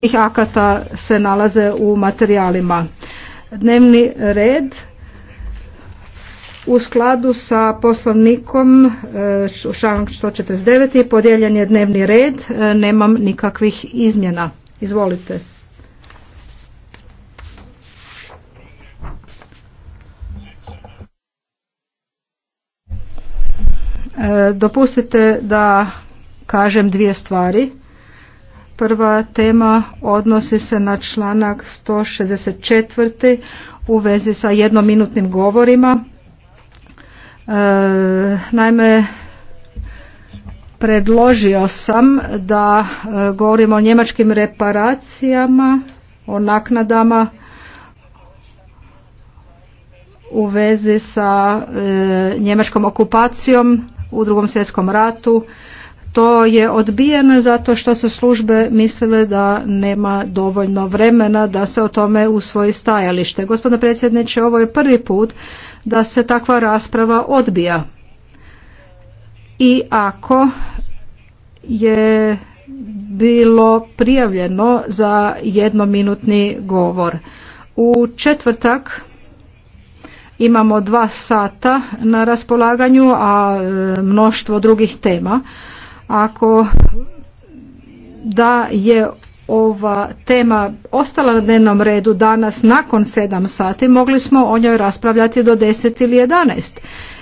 tih akata se nalaze u materijalima. Dnevni red u skladu sa poslovnikom e, članak 149. podijeljen je dnevni red, e, nemam nikakvih izmjena. Izvolite. E, dopustite da kažem dvije stvari. Prva tema odnosi se na članak 164. u vezi sa jednominutnim govorima. E, naime, predložio sam da e, govorimo o njemačkim reparacijama, o naknadama u vezi sa e, njemačkom okupacijom u drugom svjetskom ratu to je odbijeno zato što su službe mislile da nema dovoljno vremena da se o tome usvoji stajalište. Gospodine predsjedniče, ovo je prvi put da se takva rasprava odbija. I ako je bilo prijavljeno za jednominutni govor. U četvrtak imamo dva sata na raspolaganju, a e, mnoštvo drugih tema. Ako da je ova tema ostala na dnevnom redu danas nakon 7 sati, mogli smo o njoj raspravljati do 10 ili 11.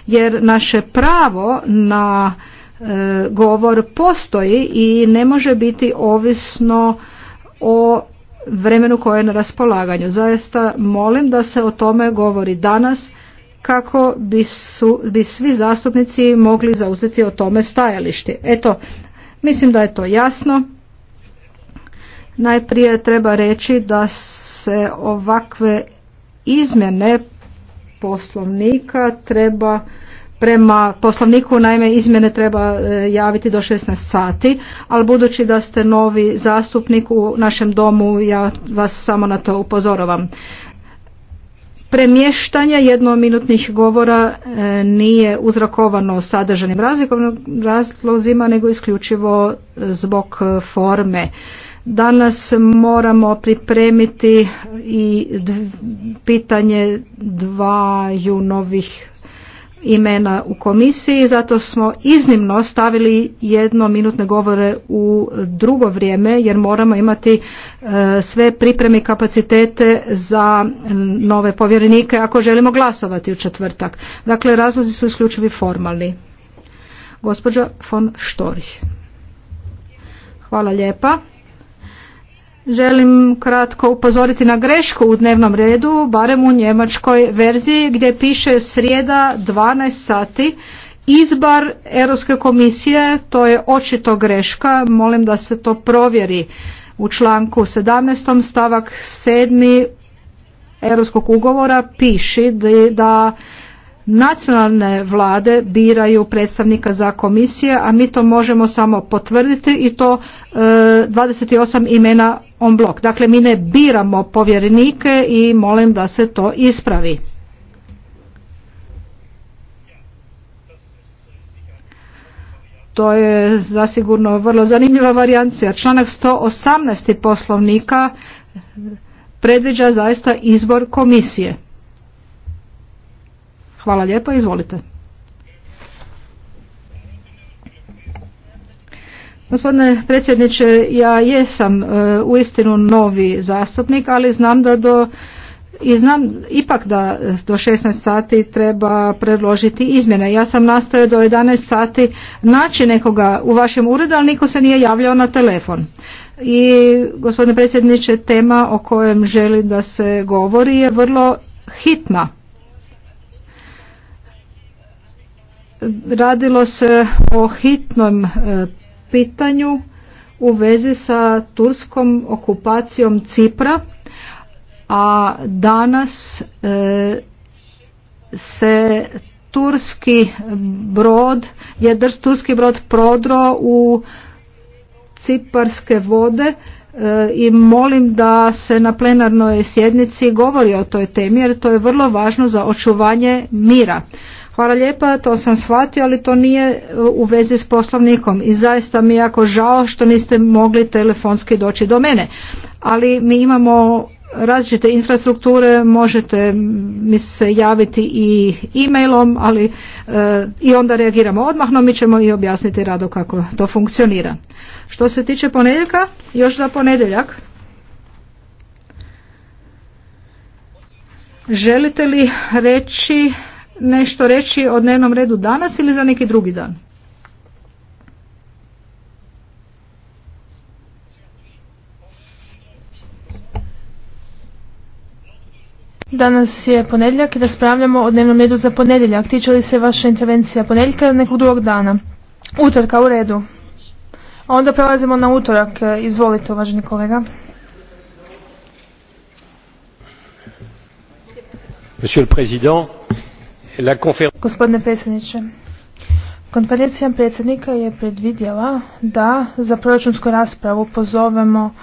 Jer naše pravo na e, govor postoji i ne može biti ovisno o vremenu koje je na raspolaganju. Zaista molim da se o tome govori danas kako bi, bi svi zastupnici mogli zauzeti o tome stajalište. Eto, mislim da je to jasno. Najprije treba reći da se ovakve izmjene poslovnika treba prema poslovniku naime izmjene treba e, javiti do 16 sati, ali budući da ste novi zastupnik u našem domu ja vas samo na to upozoravam premještanje jednominutnih govora e, nije uzrokovano sadržanim razlozima nego isključivo zbog forme. Danas moramo pripremiti i pitanje dvaju novih imena u komisiji, zato smo iznimno stavili minutne govore u drugo vrijeme jer moramo imati e, sve pripreme i kapacitete za nove povjerenike ako želimo glasovati u četvrtak. Dakle, razlozi su isključivi formalni. Gospođa von Hvala lijepa. Želim kratko upozoriti na grešku u dnevnom redu, barem u njemačkoj verziji gdje piše srijeda 12 sati izbar Europske komisije, to je očito greška, molim da se to provjeri u članku 17. stavak 7. Europskog ugovora piši da nacionalne vlade biraju predstavnika za komisije, a mi to možemo samo potvrditi i to 28 e, imena on blok. Dakle, mi ne biramo povjerenike i molim da se to ispravi. To je zasigurno vrlo zanimljiva varijancija. Članak 118. poslovnika predviđa zaista izbor komisije. Hvala lijepa, izvolite. Gospodine predsjedniče, ja jesam e, uistinu novi zastupnik, ali znam da do i znam ipak da do 16 sati treba predložiti izmjene. Ja sam nastojao do 11 sati naći nekoga u vašem uredu, ali niko se nije javljao na telefon. I gospodine predsjedniče, tema o kojem želim da se govori je vrlo hitna. radilo se o hitnom e, pitanju u vezi sa turskom okupacijom Cipra, a danas e, se turski brod, je turski brod prodro u ciparske vode e, i molim da se na plenarnoj sjednici govori o toj temi jer to je vrlo važno za očuvanje mira. Hvala lijepa, to sam shvatio, ali to nije uh, u vezi s poslovnikom i zaista mi je jako žao što niste mogli telefonski doći do mene. Ali mi imamo različite infrastrukture, možete mi se javiti i e-mailom, ali uh, i onda reagiramo odmah, no mi ćemo i objasniti rado kako to funkcionira. Što se tiče ponedjeljka, još za ponedjeljak. Želite li reći nešto reći o dnevnom redu danas ili za neki drugi dan? Danas je ponedjeljak i raspravljamo o dnevnom redu za ponedjeljak. Tiče li se vaša intervencija ponedjeljka ili nekog drugog dana? Utorka u redu. onda prelazimo na utorak. E, izvolite, uvaženi kolega. Monsieur le Président, Gospodine predsjedniče, konferencija predsjednika je predvidjela da za proračunsku raspravu pozovemo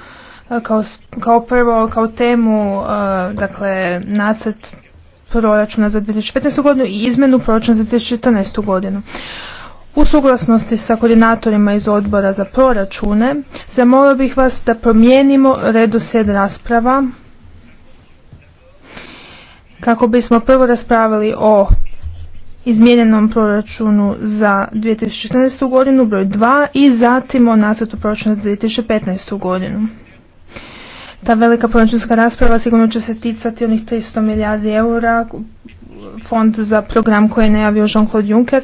e, kao, kao prvo, kao temu, e, dakle, nacrt proračuna za 2015. godinu i izmenu proračuna za 2014. godinu. U suglasnosti sa koordinatorima iz odbora za proračune zamolio bih vas da promijenimo redoslijed rasprava kako bismo prvo raspravili o izmijenjenom proračunu za 2014. godinu, broj 2 i zatim o nacrtu proračuna za 2015. godinu. Ta velika proračunska rasprava sigurno će se ticati onih 300 milijardi eura, fond za program koji je najavio Jean-Claude Juncker,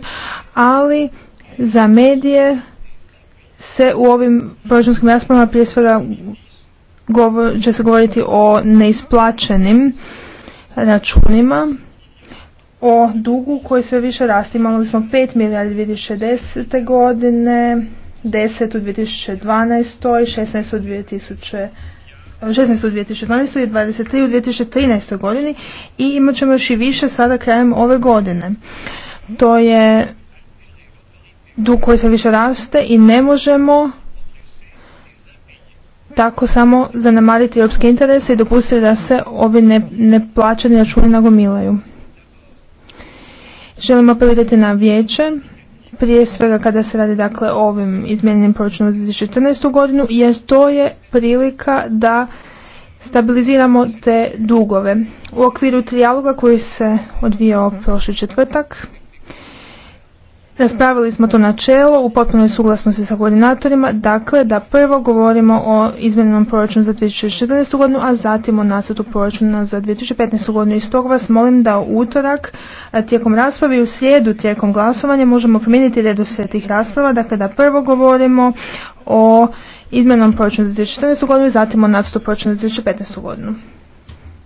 ali za medije se u ovim proračunskim raspravama prije svega će se govoriti o neisplaćenim računima o dugu koji sve više rasti. Imali smo 5 milijardi 2010. godine, 10 u 2012. 16 u 2000 16 u 2012. i 23 u 2013. godini i imat ćemo još i više sada krajem ove godine. To je dug koji se više raste i ne možemo tako samo zanemariti europske interese i dopustiti da se ovi ne, neplaćeni računi nagomilaju. Želim apelirati na vijeće, prije svega kada se radi dakle o ovim izmjenjenim proračunom za 2014. godinu, jer to je prilika da stabiliziramo te dugove. U okviru trijaloga koji se odvijao prošli četvrtak, Raspravili smo to načelo u potpunoj suglasnosti sa koordinatorima, dakle da prvo govorimo o izmjenom proračunu za 2014. godinu, a zatim o nacrtu proračuna za 2015. godinu. I stoga vas molim da u utorak tijekom rasprave i u srijedu tijekom glasovanja možemo promijeniti redoslijed tih rasprava, dakle da prvo govorimo o izmjenom proračuna za 2014. godinu i zatim o nacrtu proračuna za 2015. godinu.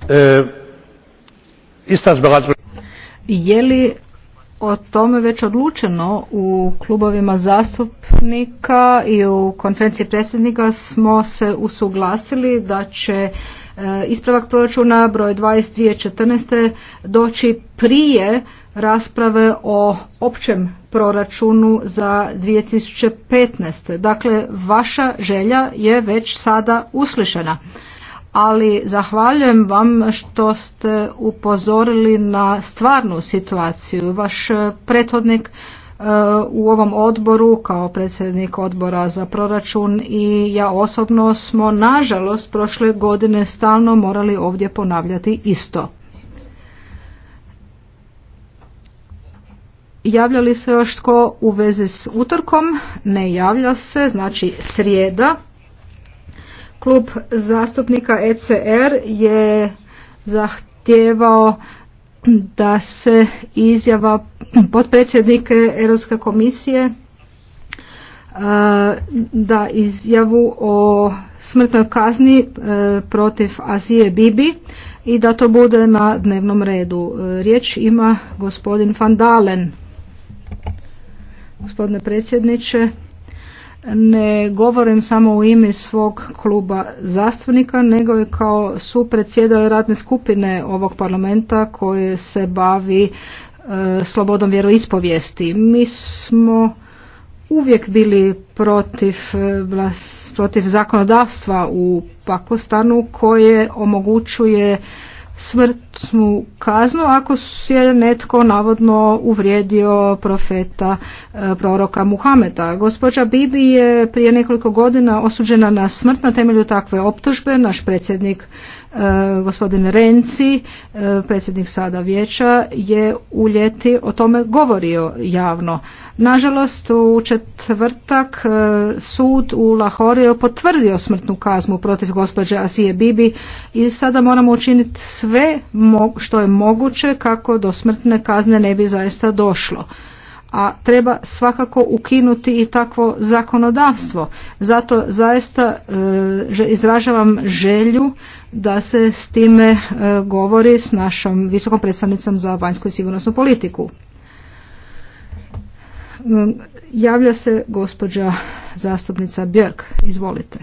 E, je li o tome već odlučeno u klubovima zastupnika i u konferenciji predsjednika smo se usuglasili da će e, ispravak proračuna broj 22.14. doći prije rasprave o općem proračunu za 2015. Dakle, vaša želja je već sada uslišena ali zahvaljujem vam što ste upozorili na stvarnu situaciju. Vaš prethodnik e, u ovom odboru kao predsjednik odbora za proračun i ja osobno smo nažalost prošle godine stalno morali ovdje ponavljati isto. Javlja li se još tko u vezi s utorkom? Ne javlja se, znači srijeda. Klub zastupnika ECR je zahtjevao da se izjava potpredsjednike Europske komisije e, da izjavu o smrtnoj kazni e, protiv Azije Bibi i da to bude na dnevnom redu. E, riječ ima gospodin Van Dalen. Gospodine predsjedniče, ne govorim samo u ime svog kluba zastupnika, nego je kao supredsjedale radne skupine ovog parlamenta koje se bavi e, slobodom vjeroispovijesti. Mi smo uvijek bili protiv, e, protiv zakonodavstva u Pakistanu koje omogućuje smrtnu kaznu ako je netko navodno uvrijedio profeta e, proroka Muhameta. Gospođa Bibi je prije nekoliko godina osuđena na smrt na temelju takve optužbe. Naš predsjednik E, gospodin Renci, e, predsjednik sada vijeća, je u ljeti o tome govorio javno. Nažalost, u četvrtak e, sud u Lahore potvrdio smrtnu kaznu protiv gospođe Asije Bibi i sada moramo učiniti sve što je moguće kako do smrtne kazne ne bi zaista došlo a treba svakako ukinuti i takvo zakonodavstvo. Zato zaista e, izražavam želju da se s time e, govori s našom visokom predstavnicom za vanjsku i sigurnosnu politiku. Mm, javlja se gospođa zastupnica Björk. Izvolite.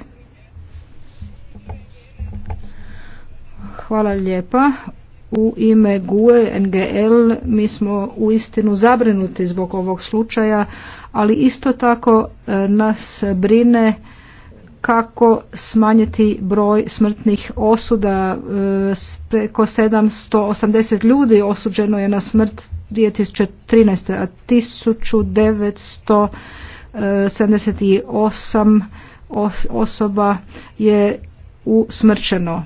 Hvala lijepa u ime GUE NGL mi smo uistinu zabrinuti zbog ovog slučaja, ali isto tako e, nas brine kako smanjiti broj smrtnih osuda. E, preko 780 ljudi osuđeno je na smrt 2013. a 1978 osoba je usmrčeno.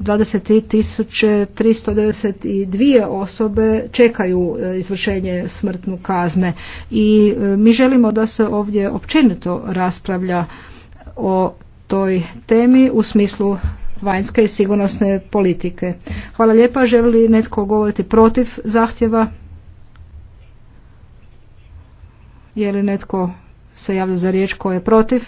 23.392 osobe čekaju e, izvršenje smrtnu kazne i e, mi želimo da se ovdje općenito raspravlja o toj temi u smislu vanjske i sigurnosne politike. Hvala lijepa. Želi li netko govoriti protiv zahtjeva? Je li netko se javlja za riječ ko je protiv?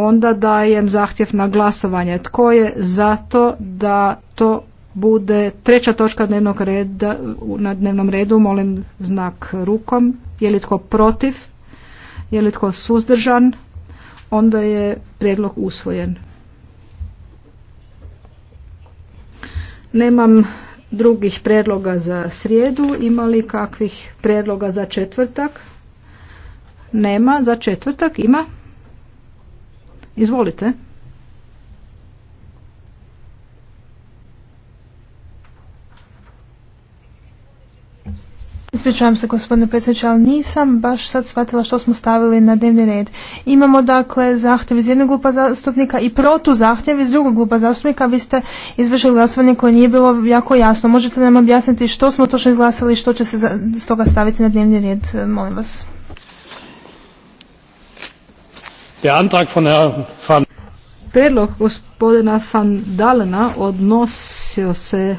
onda dajem zahtjev na glasovanje. Tko je za to da to bude treća točka dnevnog reda, na dnevnom redu, molim znak rukom. Je li tko protiv? Je li tko suzdržan? Onda je prijedlog usvojen. Nemam drugih predloga za srijedu. Ima li kakvih predloga za četvrtak? Nema. Za četvrtak ima? Izvolite. Ispričavam se gospodine predsjedniče, ali nisam baš sad shvatila što smo stavili na dnevni red. Imamo dakle zahtjev iz jednog grupa zastupnika i protu zahtjev iz drugog grupa zastupnika. Vi ste izvršili glasovanje koje nije bilo jako jasno. Možete nam objasniti što smo točno izglasali i što će se stoga staviti na dnevni red, molim vas. Der Antrag von Herrn van Prijedlog gospodina Van Dalena odnosio se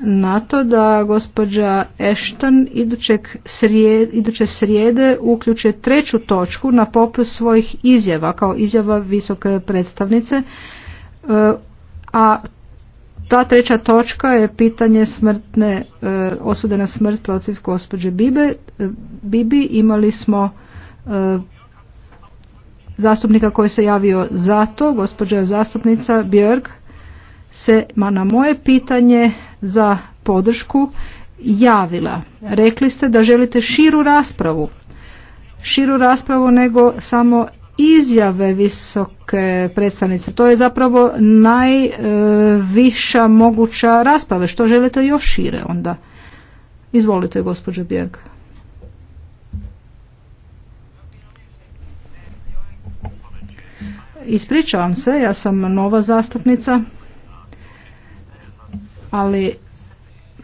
na to da gospođa Ashton iduće srijede uključe treću točku na popis svojih izjava kao izjava visoke predstavnice, e, a ta treća točka je pitanje smrtne, e, osude na smrt protiv gospođe Bibe. E, Bibi imali smo zastupnika koji se javio za to, gospođa zastupnica Björg se ma na moje pitanje za podršku javila. Rekli ste da želite širu raspravu, širu raspravu nego samo izjave visoke predstavnice. To je zapravo najviša moguća rasprava. Što želite još šire onda? Izvolite, gospođo Bjerg. Ispričavam se, ja sam nova zastupnica, ali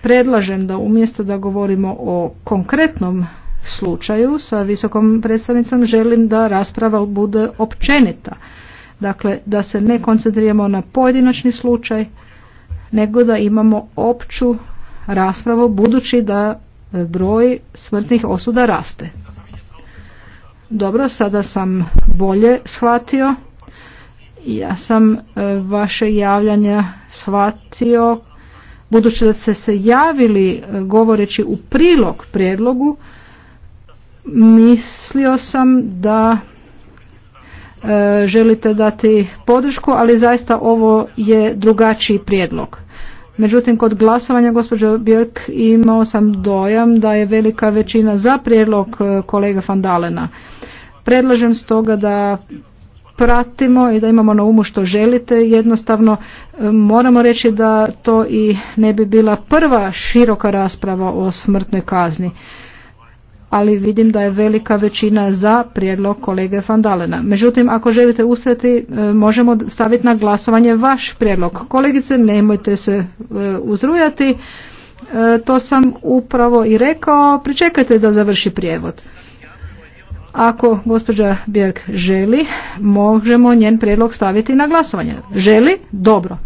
predlažem da umjesto da govorimo o konkretnom slučaju sa visokom predstavnicom želim da rasprava bude općenita. Dakle, da se ne koncentriramo na pojedinačni slučaj, nego da imamo opću raspravu budući da broj smrtnih osuda raste. Dobro, sada sam bolje shvatio. Ja sam e, vaše javljanje shvatio, budući da ste se javili e, govoreći u prilog prijedlogu, mislio sam da e, želite dati podršku, ali zaista ovo je drugačiji prijedlog. Međutim, kod glasovanja gospođo Björk imao sam dojam da je velika većina za prijedlog kolega Fandalena. Predlažem stoga da pratimo i da imamo na umu što želite. Jednostavno e, moramo reći da to i ne bi bila prva široka rasprava o smrtnoj kazni. Ali vidim da je velika većina za prijedlog kolege Fandalena. Međutim, ako želite ustati, e, možemo staviti na glasovanje vaš prijedlog. Kolegice, nemojte se e, uzrujati. To sam upravo i rekao. Pričekajte da završi prijevod. Ako gospođa Bjerg želi, možemo njen prijedlog staviti na glasovanje. Želi? Dobro.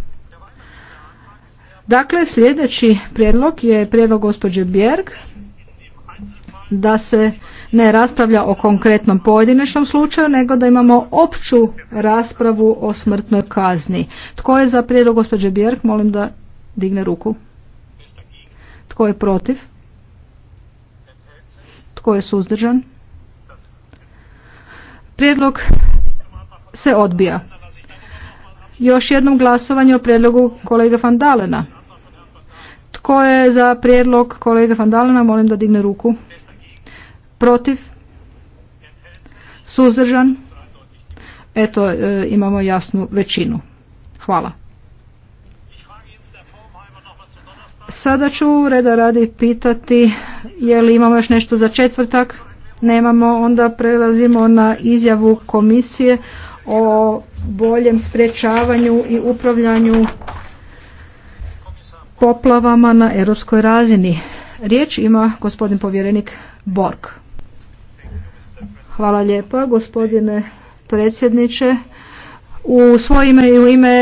Dakle, sljedeći prijedlog je prijedlog gospođe Bjerg da se ne raspravlja o konkretnom pojedinačnom slučaju, nego da imamo opću raspravu o smrtnoj kazni. Tko je za prijedlog gospođe Bjerg? Molim da digne ruku. Tko je protiv? Tko je suzdržan? Prijedlog se odbija. Još jednom glasovanje o prijedlogu kolege Van Dalena. Tko je za prijedlog kolege Van Dalena? Molim da digne ruku. Protiv? Suzdržan? Eto, e, imamo jasnu većinu. Hvala. Sada ću reda radi pitati je li imamo još nešto za četvrtak nemamo, onda prelazimo na izjavu komisije o boljem sprječavanju i upravljanju poplavama na europskoj razini. Riječ ima gospodin povjerenik Borg. Hvala lijepa gospodine predsjedniče. U svoje ime i u ime